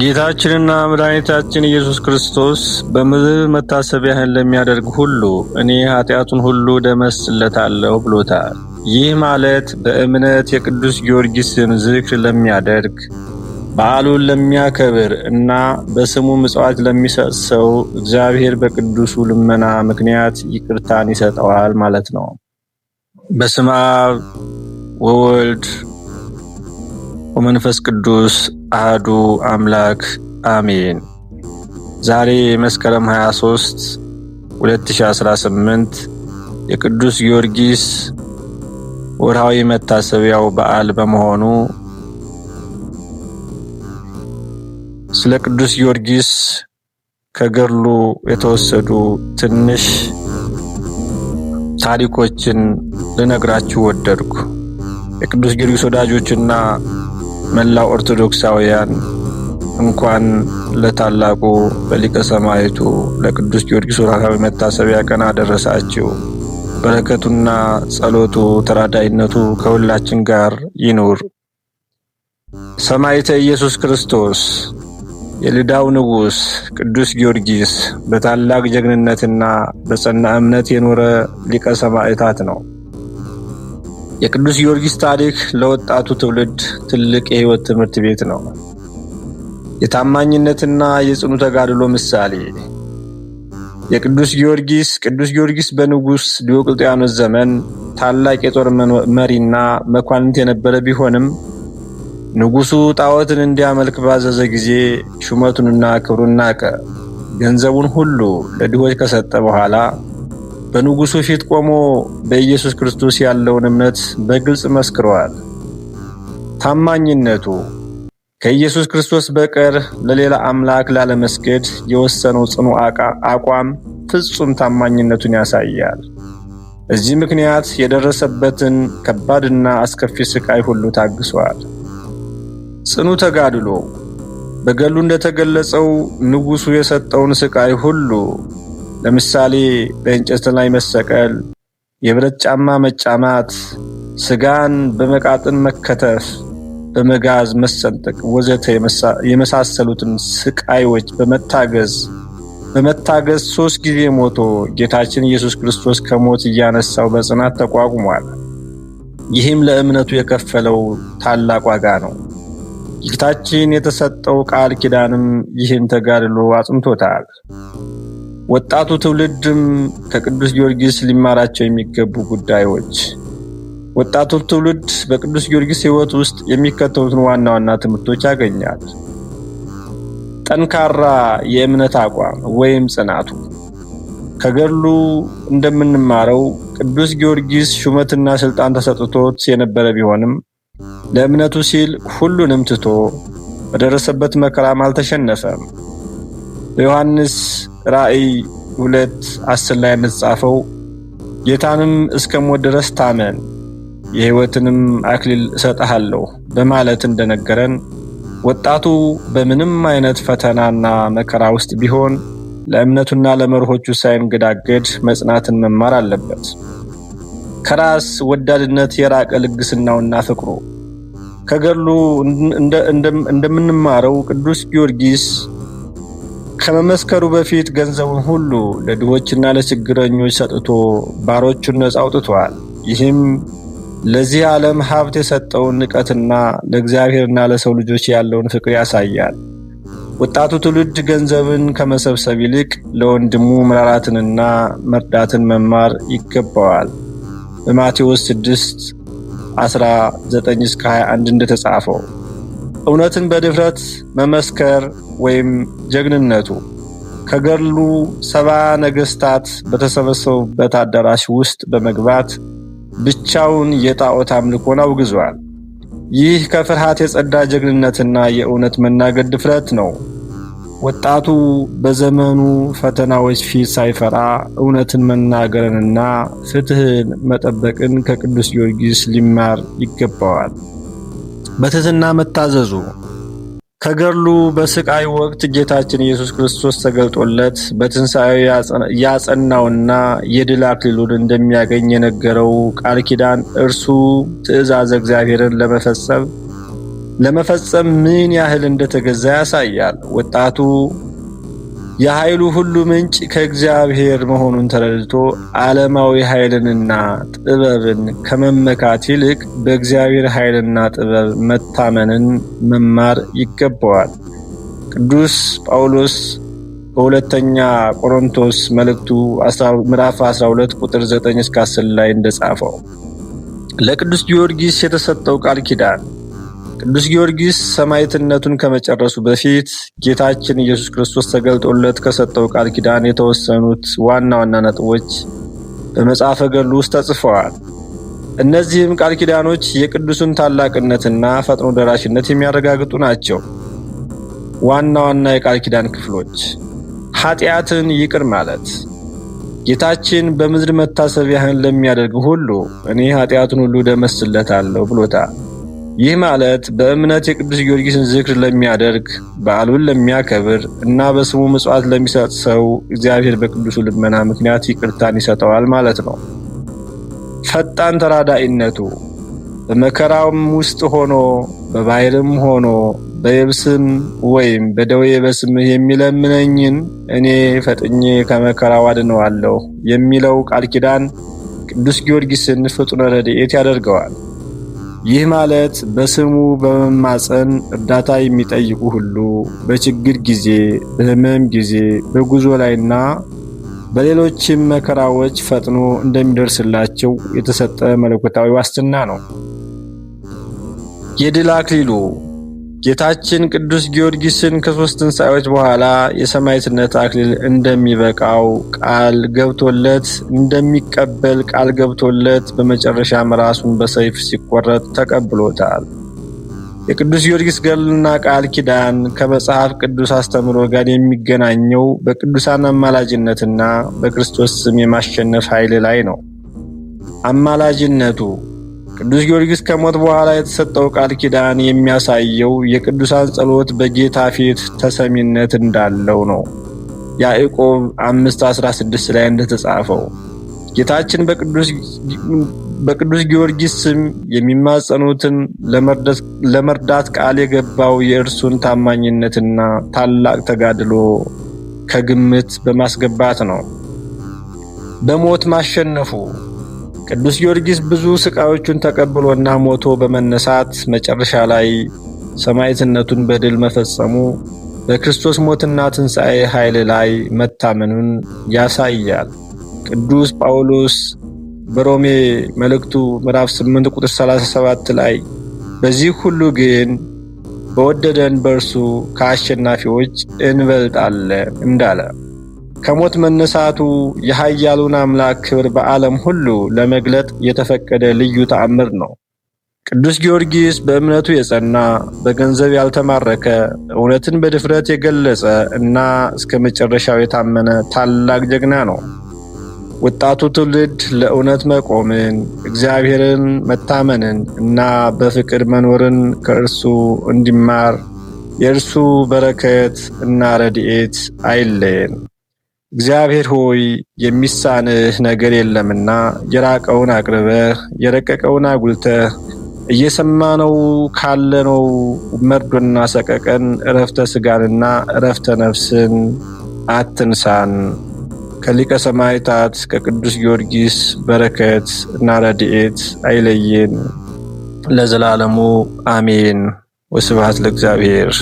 ጌታችንና መድኃኒታችን ኢየሱስ ክርስቶስ በምድር መታሰቢያህን ለሚያደርግ ሁሉ እኔ ኃጢአቱን ሁሉ ደመስለታለሁ ብሎታል። ይህ ማለት በእምነት የቅዱስ ጊዮርጊስን ዝክር ለሚያደርግ በዓሉን ለሚያከብር እና በስሙ ምጽዋት ለሚሰጥ ሰው እግዚአብሔር በቅዱሱ ልመና ምክንያት ይቅርታን ይሰጠዋል ማለት ነው። በስመ አብ ወወልድ ወመንፈስ ቅዱስ አህዱ አምላክ አሜን። ዛሬ መስከረም 23 2018 የቅዱስ ጊዮርጊስ ወርሃዊ መታሰቢያው በዓል በመሆኑ ስለ ቅዱስ ጊዮርጊስ ከገድሉ የተወሰዱ ትንሽ ታሪኮችን ልነግራችሁ ወደድኩ። የቅዱስ ጊዮርጊስ ወዳጆችና መላው ኦርቶዶክሳውያን እንኳን ለታላቁ በሊቀ ሰማዕቱ ለቅዱስ ጊዮርጊስ ወርኃዊ መታሰቢያ ቀን አደረሳችሁ። በረከቱና ጸሎቱ ተራዳይነቱ ከሁላችን ጋር ይኑር። ሰማዕተ ኢየሱስ ክርስቶስ የልዳው ንጉሥ ቅዱስ ጊዮርጊስ በታላቅ ጀግንነትና በጸና እምነት የኖረ ሊቀ ሰማዕታት ነው። የቅዱስ ጊዮርጊስ ታሪክ ለወጣቱ ትውልድ ትልቅ የህይወት ትምህርት ቤት ነው። የታማኝነትና የጽኑ ተጋድሎ ምሳሌ የቅዱስ ጊዮርጊስ ቅዱስ ጊዮርጊስ በንጉሥ ዲዮቅልጥያኖስ ዘመን ታላቅ የጦር መሪና መኳንንት የነበረ ቢሆንም ንጉሡ ጣዖትን እንዲያመልክ ባዘዘ ጊዜ ሹመቱንና ክብሩን ናቀ። ገንዘቡን ሁሉ ለድሆች ከሰጠ በኋላ በንጉሱ ፊት ቆሞ በኢየሱስ ክርስቶስ ያለውን እምነት በግልጽ መስክረዋል። ታማኝነቱ ከኢየሱስ ክርስቶስ በቀር ለሌላ አምላክ ላለመስገድ የወሰነው ጽኑ አቋም ፍጹም ታማኝነቱን ያሳያል። እዚህ ምክንያት የደረሰበትን ከባድና አስከፊ ስቃይ ሁሉ ታግሷል። ጽኑ ተጋድሎ በገሉ እንደተገለጸው ንጉሱ የሰጠውን ስቃይ ሁሉ ለምሳሌ በእንጨት ላይ መሰቀል፣ የብረት ጫማ መጫማት፣ ስጋን በመቃጥን መከተፍ፣ በመጋዝ መሰንጠቅ ወዘተ የመሳሰሉትን ስቃዮች በመታገዝ በመታገዝ ሶስት ጊዜ ሞቶ ጌታችን ኢየሱስ ክርስቶስ ከሞት እያነሳው በጽናት ተቋቁሟል። ይህም ለእምነቱ የከፈለው ታላቅ ዋጋ ነው። ጌታችን የተሰጠው ቃል ኪዳንም ይህን ተጋድሎ አጽንቶታል። ወጣቱ ትውልድም ከቅዱስ ጊዮርጊስ ሊማራቸው የሚገቡ ጉዳዮች። ወጣቱ ትውልድ በቅዱስ ጊዮርጊስ ሕይወት ውስጥ የሚከተሉትን ዋና ዋና ትምህርቶች ያገኛል። ጠንካራ የእምነት አቋም ወይም ጽናቱ። ከገድሉ እንደምንማረው ቅዱስ ጊዮርጊስ ሹመትና ስልጣን ተሰጥቶት የነበረ ቢሆንም ለእምነቱ ሲል ሁሉንም ትቶ በደረሰበት መከራም አልተሸነፈም። በዮሐንስ ራእይ ሁለት አስር ላይ እንደተጻፈው ጌታንም እስከ ሞት ድረስ ታመን የሕይወትንም አክሊል እሰጥሃለሁ በማለት እንደነገረን ወጣቱ በምንም አይነት ፈተናና መከራ ውስጥ ቢሆን ለእምነቱና ለመርሆቹ ሳይንገዳገድ መጽናትን መማር አለበት። ከራስ ወዳድነት የራቀ ልግስናውና ፍቅሩ ከገሉ እንደምንማረው ቅዱስ ጊዮርጊስ ከመመስከሩ በፊት ገንዘቡን ሁሉ ለድሆችና ለችግረኞች ሰጥቶ ባሮቹን ነጻ አውጥቷል። ይህም ለዚህ ዓለም ሀብት የሰጠውን ንቀትና ለእግዚአብሔርና ለሰው ልጆች ያለውን ፍቅር ያሳያል። ወጣቱ ትውልድ ገንዘብን ከመሰብሰብ ይልቅ ለወንድሙ መራራትንና መርዳትን መማር ይገባዋል። በማቴዎስ 6 19 21 እንደተጻፈው እውነትን በድፍረት መመስከር ወይም ጀግንነቱ ከገድሉ ሰባ ነገሥታት በተሰበሰቡበት አዳራሽ ውስጥ በመግባት ብቻውን የጣዖት አምልኮን አውግዟል። ይህ ከፍርሃት የጸዳ ጀግንነትና የእውነት መናገር ድፍረት ነው። ወጣቱ በዘመኑ ፈተናዎች ፊት ሳይፈራ እውነትን መናገርንና ፍትህን መጠበቅን ከቅዱስ ጊዮርጊስ ሊማር ይገባዋል። በትህትና መታዘዙ ከገድሉ በስቃይ ወቅት ጌታችን ኢየሱስ ክርስቶስ ተገልጦለት በትንሣኤው ያጸናውና የድል አክሊሉን እንደሚያገኝ የነገረው ቃል ኪዳን እርሱ ትእዛዘ እግዚአብሔርን ለመፈጸም ለመፈጸም ምን ያህል እንደተገዛ ያሳያል። ወጣቱ የኃይሉ ሁሉ ምንጭ ከእግዚአብሔር መሆኑን ተረድቶ ዓለማዊ ኃይልንና ጥበብን ከመመካት ይልቅ በእግዚአብሔር ኃይልና ጥበብ መታመንን መማር ይገባዋል። ቅዱስ ጳውሎስ በሁለተኛ ቆሮንቶስ መልእክቱ ምዕራፍ 12 ቁጥር 9 እስከ 10 ላይ እንደጻፈው ለቅዱስ ጊዮርጊስ የተሰጠው ቃል ኪዳን ቅዱስ ጊዮርጊስ ሰማዕትነቱን ከመጨረሱ በፊት ጌታችን ኢየሱስ ክርስቶስ ተገልጦለት ከሰጠው ቃል ኪዳን የተወሰኑት ዋና ዋና ነጥቦች በመጽሐፈ ገድሉ ውስጥ ተጽፈዋል። እነዚህም ቃል ኪዳኖች የቅዱሱን ታላቅነትና ፈጥኖ ደራሽነት የሚያረጋግጡ ናቸው። ዋና ዋና የቃል ኪዳን ክፍሎች ኃጢአትን ይቅር ማለት ጌታችን በምድር መታሰቢያህን ለሚያደርግ ሁሉ እኔ ኃጢአቱን ሁሉ ደመስለታለሁ ብሎታል። ይህ ማለት በእምነት የቅዱስ ጊዮርጊስን ዝክር ለሚያደርግ በዓሉን ለሚያከብር እና በስሙ ምጽዋት ለሚሰጥ ሰው እግዚአብሔር በቅዱሱ ልመና ምክንያት ይቅርታን ይሰጠዋል ማለት ነው። ፈጣን ተራዳኢነቱ በመከራም ውስጥ ሆኖ በባህርም ሆኖ በየብስም ወይም በደዌ በስምህ የሚለምነኝን እኔ ፈጥኜ ከመከራው አድነዋለሁ የሚለው ቃል ኪዳን ቅዱስ ጊዮርጊስን ፍጡነ ረድኤት ያደርገዋል። ይህ ማለት በስሙ በመማፀን እርዳታ የሚጠይቁ ሁሉ በችግር ጊዜ፣ በህመም ጊዜ፣ በጉዞ ላይና በሌሎችም መከራዎች ፈጥኖ እንደሚደርስላቸው የተሰጠ መለኮታዊ ዋስትና ነው። የድል አክሊሉ ጌታችን ቅዱስ ጊዮርጊስን ከሶስት ትንሣኤዎች በኋላ የሰማዕትነት አክሊል እንደሚበቃው ቃል ገብቶለት እንደሚቀበል ቃል ገብቶለት በመጨረሻም ራሱን በሰይፍ ሲቆረጥ ተቀብሎታል። የቅዱስ ጊዮርጊስ ገድልና ቃል ኪዳን ከመጽሐፍ ቅዱስ አስተምሮ ጋር የሚገናኘው በቅዱሳን አማላጅነትና በክርስቶስ ስም የማሸነፍ ኃይል ላይ ነው። አማላጅነቱ ቅዱስ ጊዮርጊስ ከሞት በኋላ የተሰጠው ቃል ኪዳን የሚያሳየው የቅዱሳን ጸሎት በጌታ ፊት ተሰሚነት እንዳለው ነው። ያዕቆብ 5:16 ላይ እንደተጻፈው ጌታችን በቅዱስ ጊዮርጊስ ስም የሚማጸኑትን ለመርዳት ቃል የገባው የእርሱን ታማኝነትና ታላቅ ተጋድሎ ከግምት በማስገባት ነው። በሞት ማሸነፉ ቅዱስ ጊዮርጊስ ብዙ ስቃዮቹን ተቀብሎና ሞቶ በመነሳት መጨረሻ ላይ ሰማዕትነቱን በድል መፈጸሙ በክርስቶስ ሞትና ትንሣኤ ኃይል ላይ መታመኑን ያሳያል። ቅዱስ ጳውሎስ በሮሜ መልእክቱ ምዕራፍ 8 ቁጥር 37 ላይ በዚህ ሁሉ ግን በወደደን በእርሱ ከአሸናፊዎች እንበልጣለን እንዳለ ከሞት መነሳቱ የኃያሉን አምላክ ክብር በዓለም ሁሉ ለመግለጥ የተፈቀደ ልዩ ተአምር ነው። ቅዱስ ጊዮርጊስ በእምነቱ የጸና በገንዘብ ያልተማረከ እውነትን በድፍረት የገለጸ እና እስከ መጨረሻው የታመነ ታላቅ ጀግና ነው። ወጣቱ ትውልድ ለእውነት መቆምን፣ እግዚአብሔርን መታመንን እና በፍቅር መኖርን ከእርሱ እንዲማር የእርሱ በረከት እና ረድኤት አይለየን። እግዚአብሔር ሆይ የሚሳንህ ነገር የለምና የራቀውን አቅርበህ የረቀቀውን አጉልተህ እየሰማነው ካለነው መርዶና ሰቀቀን እረፍተ ስጋንና እረፍተ ነፍስን አትንሳን። ከሊቀ ሰማይታት ከቅዱስ ጊዮርጊስ በረከት እና ረድኤት አይለየን፣ ለዘላለሙ አሜን። ወስብሐት ለእግዚአብሔር።